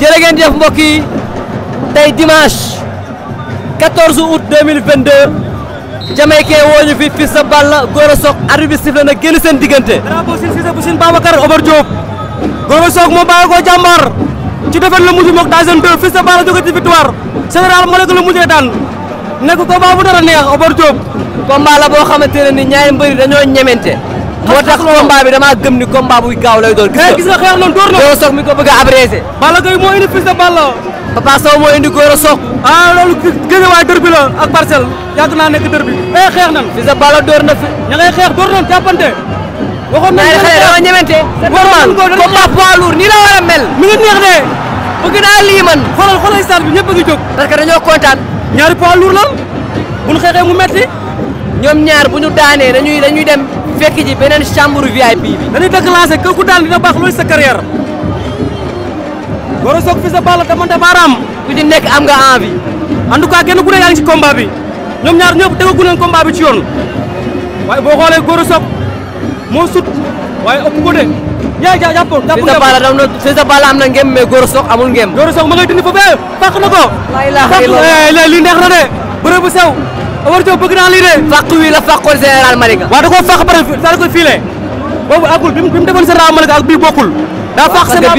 jërë ngeen jëf mbokk yi tey dimanche 14 août 2022 Jamaïcain woo ñu fi Fils de Balla Gora Sock arbitre bi sifflé na génn seen diggante. drapeau Sine Cissé bu Sine Babacar Omar Diop. Gora Sock moom bàyyi ko jàmbaar ci defet la mujj moog Tyson 2 Fils de a jóge ci victoire général Malek la mujjee daan nekk ko baa bu dara neex Omar Diop. combat la boo xamante ne ni ñaari mbëri dañoo ñemente. moo tax combat bi damaa gëm ni combat buy gaaw lay doon. gis nga xeex loolu door na Gora Sock mi ko bëgg a Balla Gaye moo indi fils Balla. Papa Sow moo indi Gora Sock. ah loolu gën a waay dër la ak parcelle yàgg naa nekk dër bi. eh xeex nan de Balla door na fi. ña ngay xeex door nañu jàppante. waxoon nañu xale dama ñemente. normal combat poids la war a mel. mi ngi neex de. bëgg naa lii man. xoolal xoolal salle ñëpp a ngi jóg. parce que dañoo ñaari poids lourd la. bu ñu xeexee mu ñaar bu ñu fekk ji beneen chambre VIP bi. dañuy déclenché kër ku daan dina baax looy sa carrière Gora Sock Fils de Balla damante baaraam ku ci nekk am nga envie. en tout cas kenn ku ne yaa ngi ci combat bi ñoom ñaar ñëpp tegagu leen combat bi ci yoon waaye boo xoolee Gora Sock moo sut waaye ëpp ko de yaa ja jàppoo jàppul Fils de Balla dam na Fils de Balla am na ngem mais Gora Sock amul ngem. Gora Sock ma ngay dindi fa bee fàq na ko. waay laa xëy loolu li neex na de bëre bu sew. Omar Diop bëgg naa lii de. fàq wi la fàqoon général Malika. waaw da koo fàq pare boobu akul bi mu defoon général Malika ak bii bokkul. daa fàq général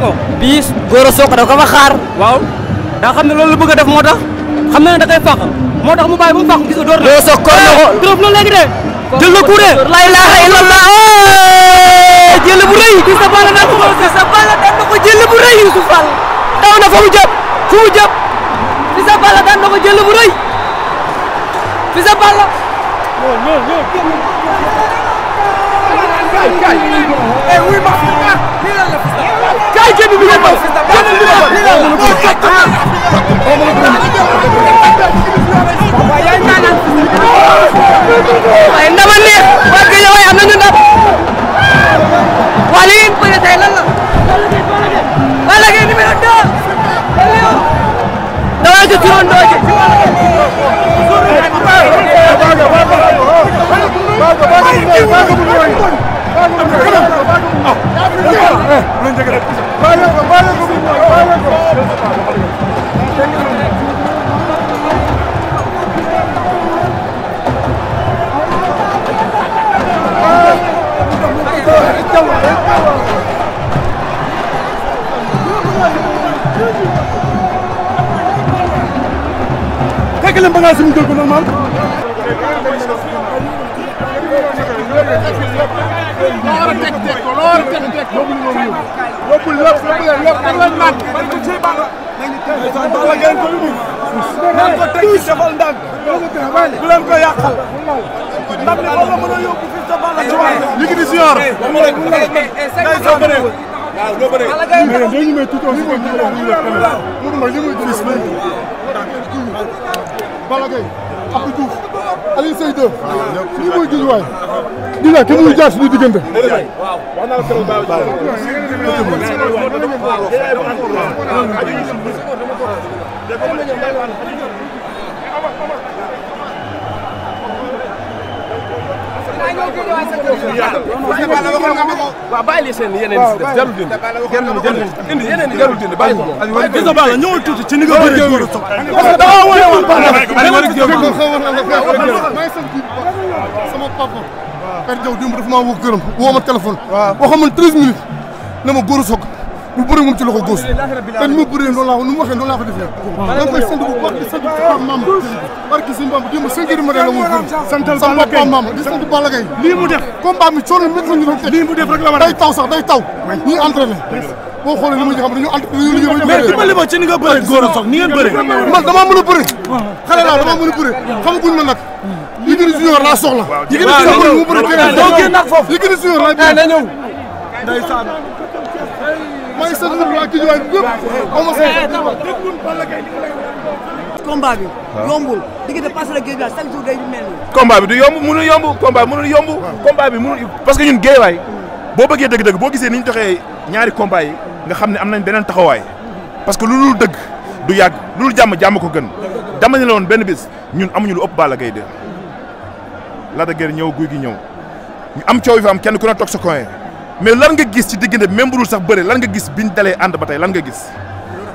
ko. bii góor a soog a dafa xaar. waaw daa xam ne loolu la bëgg a def moo tax xam na ne da koy moo tax mu bàyyi ba mu fàq gis nga door na. a soog loolu léegi de. jël na kuure la ilaha illallah jël bu rëy. gis nga Balla daan na ko gis nga Balla Fils de Balla. non non non. kay kay. eh wuy ma. kay jéem a bi ngeen bëri. jéem a bi ngeen bëri. bagage suñu dëkk normal loolu teg teg ko loolu teg teg ko yóbbu lépp lépp da leen màgg Balla ngeen ko yóbbu ngeen ko teg ci defal ndànk bu leen ko yàqal ndam li mën a yóbbu fii sa Balla ci waay li ngi di siyoor waaw doo bëree mais yéen dañu may tout aussi comme ñu leen ñu leen xelal mënuma li muy gis nañ ko. Balla Gaye Abdou Diouf Aliou Seye 2 lii mooy waaw bàyyi lii seen yeneen yi jarul dindi jarul indi yeneen yi jarul dindi bàyyi ko gis nga Balla ñëwal tuuti ci ni nga bëree góor a sox parce que daa wooye woon Balla maay sant sama papa Père Diaw démb dafa maa woo gërëm woo ma téléphone waxoon man 13 minutes na ma góor a sox mu bëri moom ci loxo ni ma bëree noonu mu waxee noonu laa ko day taw sax day taw ni nga bëree góor a soog ni ngeen bëree man damaa mën a bëree ah. xale laa damaa mën a bëree ah. xamaguñ ma nag Yékini laa soxla Yékini Junior ah, mu bëree teel a maa ngi sant waa eh, eh, Guédiawaye bi yëpp aw ma sant. bi. yombul du yomb mënul yomb combat bi mënul yomb. combat bi mënul parce que ñun Guédiawaye. Mm. boo bëggee dëgg-dëgg boo gisee ni ñu doxee ñaari combat yi nga xam ne am nañ beneen taxawaay parce que lu dul dëgg du yàgg lu dul jàmm jàmm ko gën dama ne la benn bis ñun amuñu lu ëpp Balla gay de Lac de ñëw guy gi ñëw ñu am coow yi am kenn ku ne toog sa coin mais lara nga gis ci diggante même bu dul sax bëre lan nga gis biñ dalee ànd ba tey lan nga gis.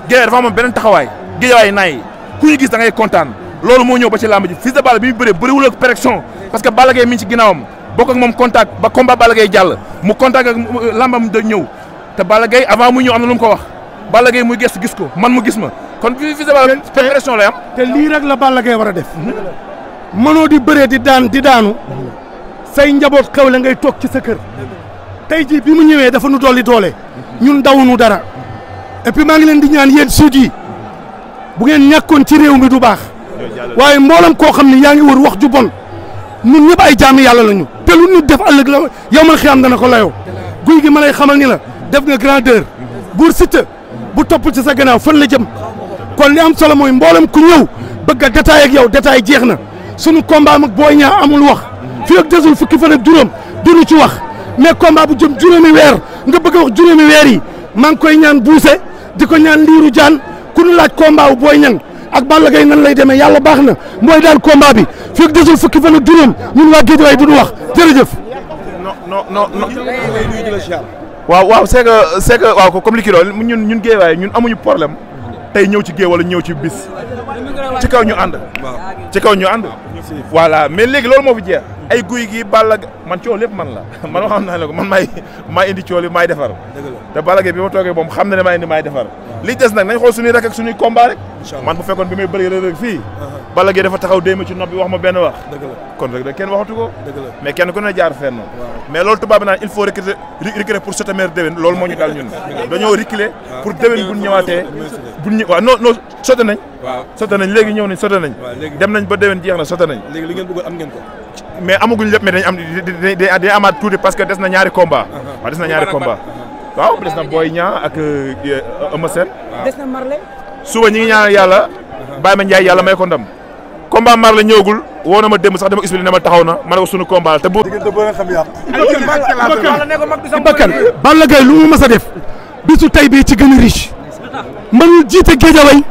Guédiawaye dafa amoon beneen taxawaay Guédiawaye naay ku ñu gis da ngay kontaan loolu moo ñëw ba ci làmb ji Fils de Balla bi mu bëree bëriwul ak perfection parce que Balla Gaye mi ci ginnaawam bokk ak moom contact ba combat Balla Gaye jàll mu contact ak euh, làmbam da ñëw te Balla Gaye avant mu ñëw am na lu mu ko wax Balla Gaye muy gëstu gis ko man mu gis ma kon Fils de Balla perfection lay am. lii rek la Balla Gaye war a def. mënoo di bëree di daan di daanu say njaboot xew la ngay toog ci sa kër. tey jii bi mu ñëwee dafa nu dolli doole ñun dawunu dara et puis maa ngi leen di ñaan yéen sud bu ngeen ñàkkoon ci réew mi du baax waaye mboolam koo xam ne yaa ngi wër wax ju bon ñun ñëpp ay jaami yàlla lañu te lu def ëllëg la yow man xiyaam dana ko layoo guy gi ma lay xamal ni la def nga grandeur buur Siteu bu topp ci sa gannaaw fan la jëm kon li am solo mooy mboolam ku ñëw bëgg a détail ak yow détail jeex na su combat mag booy ñaa amul wax fii ak fukki fan ak juróom duñu ci wax mais combat bu jëm juróomi weer nga bëgg a wax juróomi weer yi maa ngi koy ñaan buuse di ko ñaan liiru jaan ku nu laaj combat wu booy ñang ak Balla Gaye nan lay demee yàlla baax na mooy daal combat bi fii ak desul fukki fan ak juróom ñun waa géej waay du ñu wax jërëjëf. non non non waaw waaw c'est que c'est waaw comme li ki loolu ñun ñun géej waay ñun amuñu problème tey ñëw ci géej wala ñëw ci bis ci kaw ñu ànd. ci kaw ñu ànd. voilà mais léegi loolu moo fi jeex. ay guy gi Balla man coow lépp man la man waxoon naa ne ko man maay maay indi coow li maay defar. te Balla Gaye bi ma toogee moom xam na ne maay indi maay defar. li des nag nañ xool suñuy rek ak suñuy rek. man bu fekkoon bi may bëri rek fii. Balla dafa taxaw déema ci nopp wax ma benn wax. kon rek rek kenn waxatu ko. mais kenn ku ne jaar fenn. mais loolu tubaab bi naan il faut reculer reculer pour se tamer déwén loolu moo ñu daal ñun. dañoo reculer pour déwén bu ñu ñëwaatee. ñëw nañ sote nañ. dem nañ na sote nañ. léegi li ngeen bëgg am ko mais amaguñ lépp mais dañ am day amaat tuuti parce que des na ñaari combat uh-huh. waaw des na ñaari combat uh-huh. waaw des na Boy Niang ak uh, Eumeu Sène des na Marley suba ñi ngi yàlla uh-huh. Baye Ma Ndiaye yàlla may ko ndam combat Marley ñëwagul woo na ma démb sax dama expliqué ne ma taxaw na ma ne ko sunu combat te bu bakkan Balla Gaye lu mu mës a def bisu tey bii ci gën a riche mbanul jiite géejaway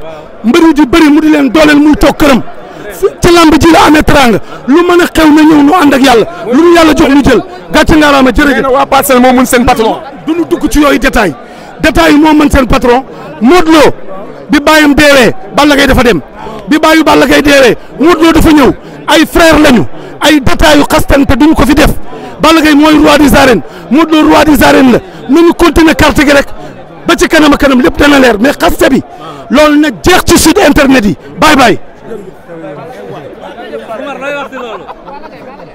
mbëri ji bëri mu di leen dooleel muy toog këram ci lamb ji la amee teranga lu mën a xew na ñëw nu ànd ak yàlla lu ñu yàlla jox ñu jël gàcce ngaaraama jërëjëf. waa parcelle moo mën seen patron. du ñu dugg ci yooyu détail détail yi moo mën seen patron Modou Lo bi bàyyam deewee Balla Gaye dafa dem bi bàyyu Balla Gaye deewee Modou Lo dafa ñëw ay frère lañu ay détail yu xastante duñ ko fi def Balla Gaye mooy roi des arènes Modou Lo la nañu continuer carte gi rek ba ci kanam a kanam lépp dana leer mais xaste bi loolu nag jeex ci sud internet yi bye bye.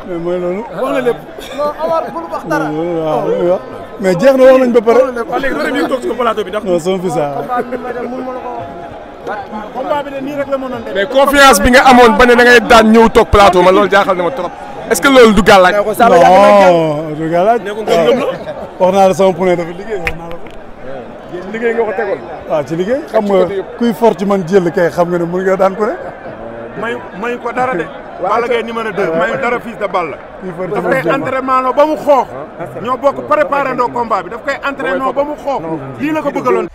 mais mooy loolu. Ah. wax na lépp. mais jeex na wax nañ ba pare. waaw ah, léegi loolu yëpp bi ndax. non son fils ah. combat bi confiance bi nga amoon ba ne da ngay daan ñëw toog plateau ma loolu jaaxal na ma trop est-ce que loolu du gàllaaj. non du gàllaaj. Euh, wax naa la sama poney dafa liggéey wax naa la ko. liggéey nga ko tegoon. waaw ci liggéey xam nga kuy fort ci man xam nga ne mën nga daan ko dara Balla Gaye numéro 2 mayu dara fils de Balla daf koy entraînement noo ba mu xoox ah, ñoo bokk préparé ndoo combat bi daf koy entraînement ba mu xoox lii la ko bëggaloon